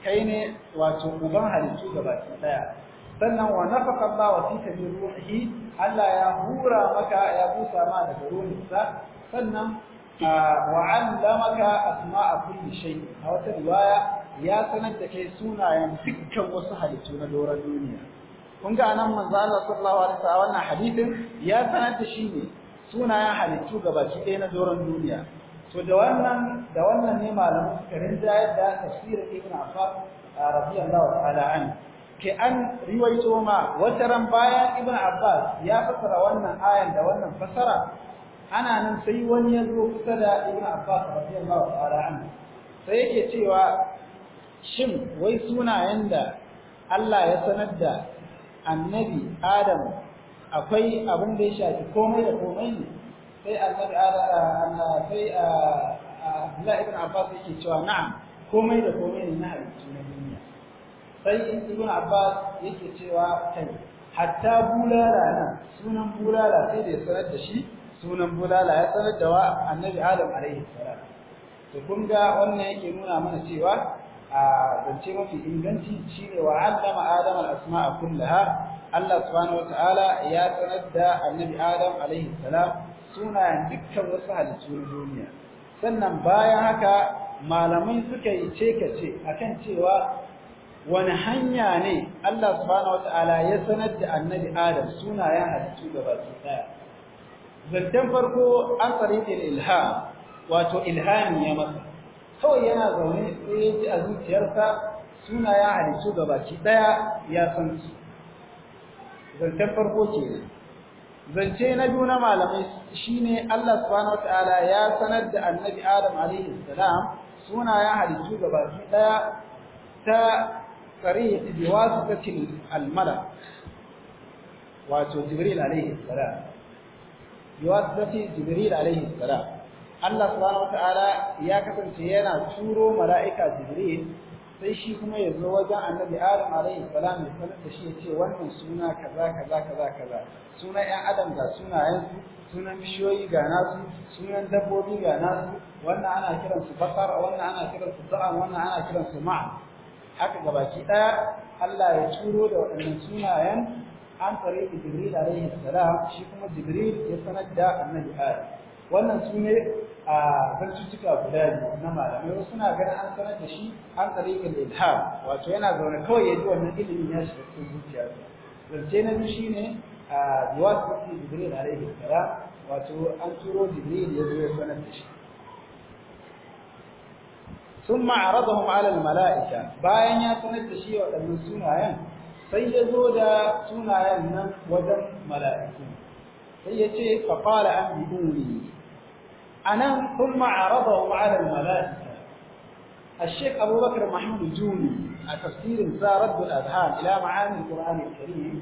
kai ne wato uban halittu ga baki ɗaya sannan wa nafaka Allah wa fi tabi ruhi Allah ya hura maka ya busa ma daga ruhinsa sannan وعلمك أسماء a شيء أو ترواية يا سند كي sunayen dukkan wasu halittu na دور duniya. kun ga nan manzo Allah sallallahu alaihi wasallam wannan hadisin ya sanar da shi ne sunayen halittu gabaki ɗaya na doron duniya to da wannan da wannan ne malamin suka rinda yadda tafsir ibn Affan radiyallahu ta'ala an ke an riwayo ma wata ran bayan ibn Abbas ya fasara wannan ayan da wannan fasara ana nan sai wani ya zo kusa da ibn abbas radiyallahu ta'ala anhu sai yake cewa shin wai sunayen da Allah ya sanar da annabi Adam akwai abin da ya shafi komai da komai ne sai annabi Adam sai Allah ibn Abbas yake cewa na'am komai da komai ne na halittu na duniya sai ibn Abbas yake cewa kai hatta bulala nan sunan bulala sai da ya sanar da shi sunan bulala ya sanar da annabi adam alaihi salam to kun ga wannan yake nuna mana cewa a zance mafi inganci shine wa allama adam al-asma'a kullaha Allah subhanahu wataala ya sanar da annabi adam alaihi salam sunayen dukkan wasu halittu na duniya sannan bayan haka malamai suka yi cekace akan cewa wani hanya ne Allah subhanahu wataala ya sanar da annabi adam sunayen halittu gaba ɗaya zancen farko an tsariƙin ilha wato ilhami ya masa kawai yana zaune sai ya ji a zuciyarsa suna ya halittu gabaki ɗaya ya san su zancen farko ke zance na biyu na malamai shine Allah subhanahu wataala ya sanar da annabi Adam alaihi salam suna ya halittu gabaki ɗaya ta ta biwasitatil almala wato Jibril alaihi salam biwasnati jibril alaihi salam Allah subhanahu wataala ya kasance yana turo mala'ika jibril sai shi kuma ya zo wajen annabi adam alaihi salam ya sanar da shi ya ce wannan suna kaza kaza kaza kaza suna ƴan adam ga su, sunan bishiyoyi ga nasu sunan dabbobi ga nasu wannan ana kiransu bakar wannan ana kiransu da'an wannan ana kiransu ma'a haka gabaki daya Allah ya turo da waɗannan sunayen an tare da Jibril alaihi salam shi kuma Jibril ya sanar da Annabi Adam wannan su ne a zantuttuka guda biyu na malamai wasu suna ganin an sanar da shi an tsare da ilham wato yana zaune kawai ya ji wannan ilimin ya shiga cikin zuciyarsa zance na biyu shine a biwasati Jibril alaihi salam wato an turo Jibril ya zo ya sanar da shi ثم عرضهم على الملائكة bayan ya sanar da shi waɗannan sunayen sai ya zo da sunayen nan wajen mala'iku sai ya ce fa qala an bi'uni anan thumma aradahu ala al-mala'ika الشيخ أبو بكر محمود الجوني تفسير رد الأذهان إلى معاني القرآن الكريم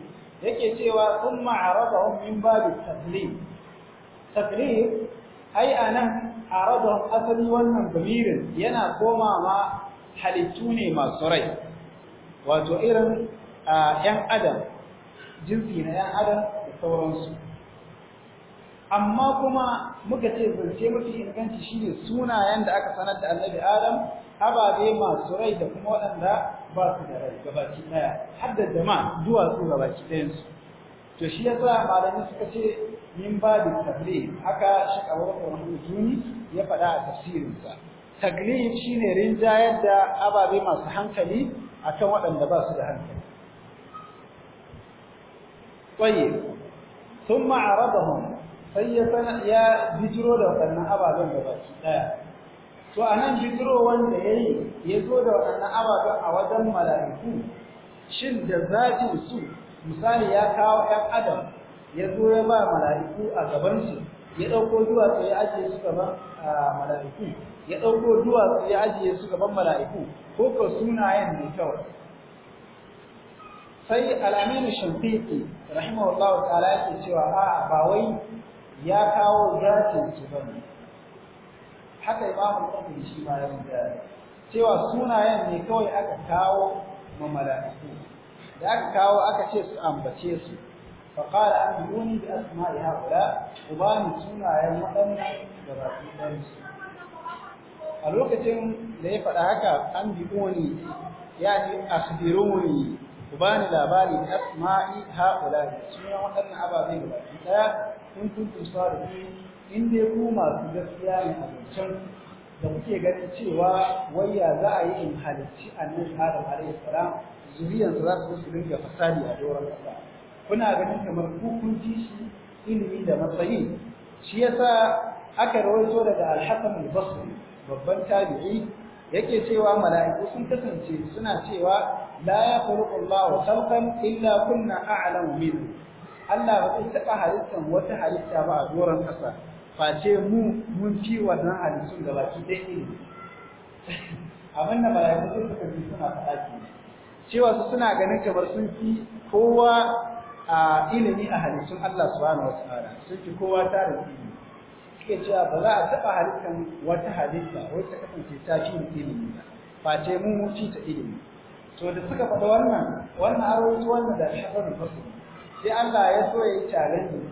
yake cewa sun ma'aradahum min babu taklif taklif ai a nan aradahum asali wannan damirin yana komawa ma halittu ne masu rai wato irin A ‘yan adam jinsi na ‘yan adam da sauransu amma kuma muka ce zance mafi inganci shine sunayen da aka sanar da annabi adam ababe masu rai da kuma waɗanda ba su da rai gabaki ɗaya har da jama'a duwatsu gabaki ɗayansu to shi yasa malami suka ce min da tabli haka shi kawar juni ya faɗa a tafsirinsa taglif shine rinjayar da ababe masu hankali akan waɗanda ba su da hankali طيب tun عرضهم sai ya sana ya bijiro da waɗannan ababen da ɗaya to a nan bijiro wanda ya yi zo da waɗannan ababen a wajen mala'iku shin da zaɓin su misali ya kawo ‘yan adam ya zo ya ba mala'iku a gabansu ya ɗauko duwatsu ya ajiye su gaban mala'iku ya ɗauko duwatsu ya ajiye su gaban mala'iku ko ka sunayen ne kawai sai al'aminu shafiqi rahimahullahu ta'ala yake cewa a ba wai ya kawo zatin su bane haka bahu qabil shi ma ya rinda cewa sunayen ne kawai aka kawo ma mala'iku da aka kawo aka ce su ambace su fa qala anbuni bi asma'i haula ubani sunayen waɗannan da ba su dan su a lokacin da ya faɗa haka an bi oni yani wani. ku bani labari asma'i haula suna waɗannan ababe da baki daya kun kuntum salihin in dai ku masu gaskiya ne a zancen da kuke ganin cewa wayya za a yi in halicci annabi Adam alaihi salam zuriyar za su su dinga fasadi a doron kasa kuna ganin kamar ku kun ji shi ilimi da matsayi shi yasa aka rawaito daga al-Hasan al-Basri babban tabi'i yake cewa mala'iku sun kasance suna cewa لا يخلق الله خلقا إلا كنا أعلم منه Allah ba zai taɓa halittar wata halitta ba a doron ƙasa face mu mun fi wannan halittun da baki ɗaya ne abin da malaikatu suka fi suna faɗa ke cewa su suna ganin kamar sun fi kowa a ilimi a halittun Allah subhanahu wataala sun fi kowa tarin ilimi suke cewa ba za a taɓa halittar wata halitta wacce kasance ta fi ilimi ba face mu mun fi ta ilimi to da suka faɗa wannan wannan arwaito wannan da shafaru fasu sai Allah ya so ya yi challenge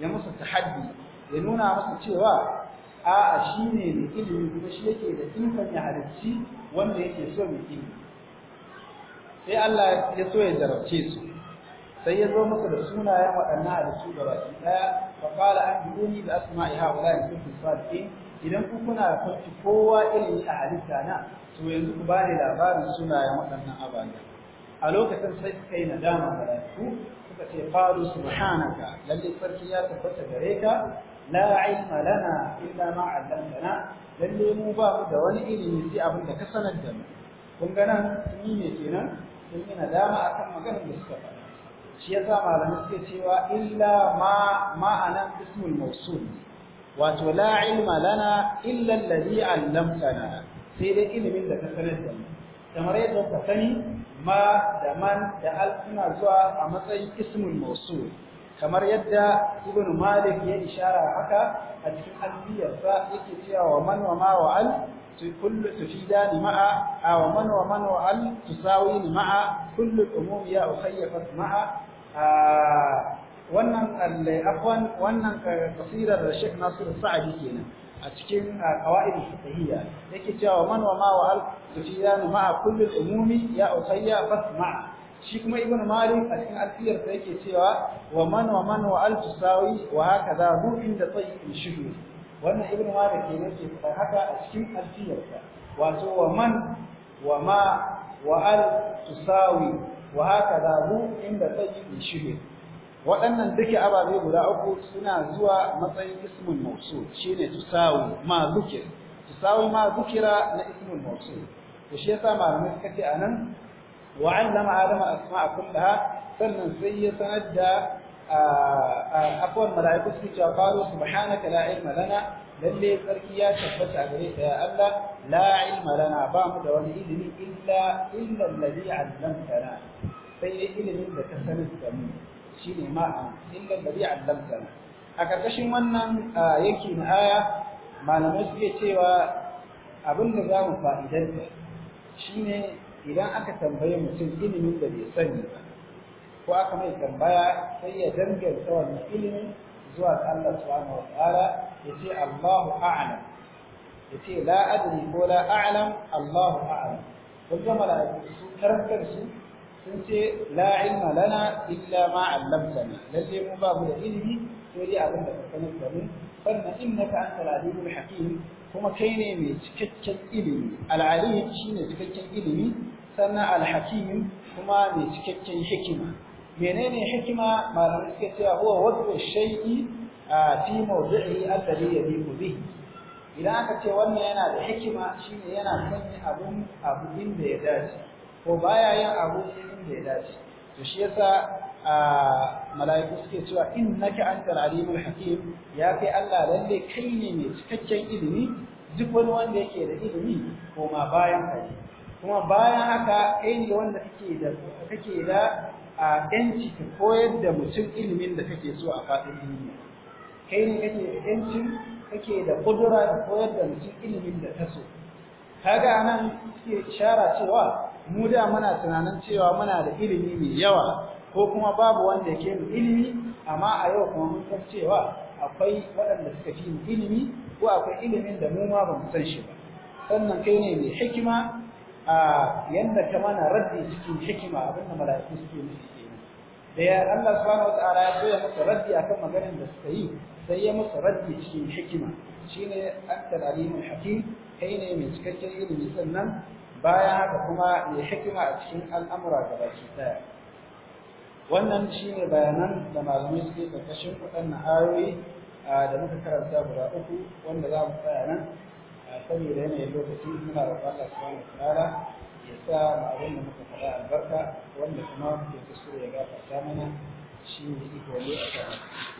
ya musu tahaddi ya nuna musu cewa a'a shine ne ilimi kuma shi yake da ikon ya halicci wanda yake so mai ilimi sai Allah ya so ya jarabce su sai ya zo musu da sunayen waɗannan halittu gabaki ɗaya fa qala an bi asma'i ha'ula'i kuntum sadiqin idan ku kuna farki kowa irin shi a halitta na to yanzu ku bani labarin sunayen waɗannan ababen a lokacin sai suka yi nadama da kuka suka ce qalu subhanaka lalle sarki ya tabbata gare ka la ilma lana illa ma 'allamtana lalle mu ba mu da wani ilimi sai abin da ka sanar da mu kun ga nan sun yi ne kenan sun yi nadama akan maganar da suka faɗa shi yasa malamai suke cewa illa ma ma'anan ismul mawsul wato la ilma lana illa allazi 'allamtana sai dai ilimin da ka sanar da mu kamar yadda ka sani ma da man da al zuwa a matsayin ismul mawsul kamar yadda ibnu malik ya ishara haka a cikin alfiyarsa yake cewa wa man wa ma wa al kullu ma'a a wa man wa man wa al tusawini ma'a kullu umum ya ukhayyafat ma'a wannan afwan wannan kasirar Sheikh Nasir Sa'di kenan a cikin qawaid fiqhiyya yake cewa man wa ma wa al sufyan ma'a kulli umumi ya usayya fasma shi kuma ibn malik a cikin alfiyar sa yake cewa wa man wa man wa al tusawi wa hakaza rufin da tayyibin shudu wannan ibn malik ne yake faɗa haka a cikin alfiyar sa wato wa man wa ma wa al tusawi wa hakaza rufin da tayyibin shudu waɗannan duka ababe guda uku suna zuwa matsayin ismul mawsul shine tusawu ma zukir tusawu ma zukira na ismul mawsul to shi yasa malamai suka ce anan wa allama adama asma'a kullaha sannan sai ya sanar da afwan malaiku suke cewa qalu subhanaka la ilma lana lalle sarki ya tabbata gare ka ya Allah la ilma lana ba mu da wani ilimi illa illa alladhi 'allamtana sai ilimin da ka sanar da mu shine ma illa alladhi 'allamtana a ƙarƙashin wannan yake na aya malamai suke cewa abin da zamu fa'idanta shine idan aka tambaye mutum ilimin da bai sani ba ko aka mai tambaya sai ya danganta wannan ilimin zuwa ga Allah subhanahu wa ta'ala ce Allahu a'lam yace la adri ko la a'lam Allahu a'lam kun ga malaiku su karantar su sun ce lana illa ma 'allamtana lalle mu babu da ilimi sai dai abin da ka sanar da mu sannan innaka antal alimul hakim kuma kai ne mai cikakken ilimi al shine cikakken ilimi sannan al kuma mai cikakken hikima menene hikima malamai suka cewa huwa wad'u shay'i fi mawdi'i alladhi yaliqu bihi idan aka ce wannan yana da hikima shine yana sanya abun abu inda ya dace ko baya yin abu da ya dace to shi yasa a mala'iku suke cewa innaka antal alimul hakim ya kai Allah lalle kai ne mai cikakken ilimi duk wani wanda yake da ilimi ko ma bayan kai kuma bayan haka kai ne wanda kake da kake da a yanci ka koyar da mutum ilimin da kake so a fadin duniya kai ne kake da yancin kake da kudura da koyar da mutum ilimin da ka so kaga anan suke ishara cewa mu da muna tunanin cewa muna da ilimi mai yawa ko kuma babu wanda yake mu ilimi amma a yau kuma mun san cewa akwai waɗanda suka fi mu ilimi ko akwai ilimin da mu ma ba san shi ba sannan kai ne mai hikima a yanda ta mana raddi cikin hikima abinda mala'iku suke nufi kenan da ya Allah subhanahu wataala ya koya masa raddi kan maganar da suka yi sai ya masa raddi cikin hikima shine antal alimul hakim kai ne mai cikakken ilimi sannan Baya haka kuma mai hikima a cikin al'amura ga baki daya wannan shine bayanan da malamai suke karkashin waɗannan ayoyi da muka karanta guda uku wanda za mu tsaya nan saboda yanayin lokaci muna roƙon su subhanahu wataala ya sa mu abin da muka faɗa albarka wanda kuma muke kuskure ya gafarta mana shi ne iko ne a kan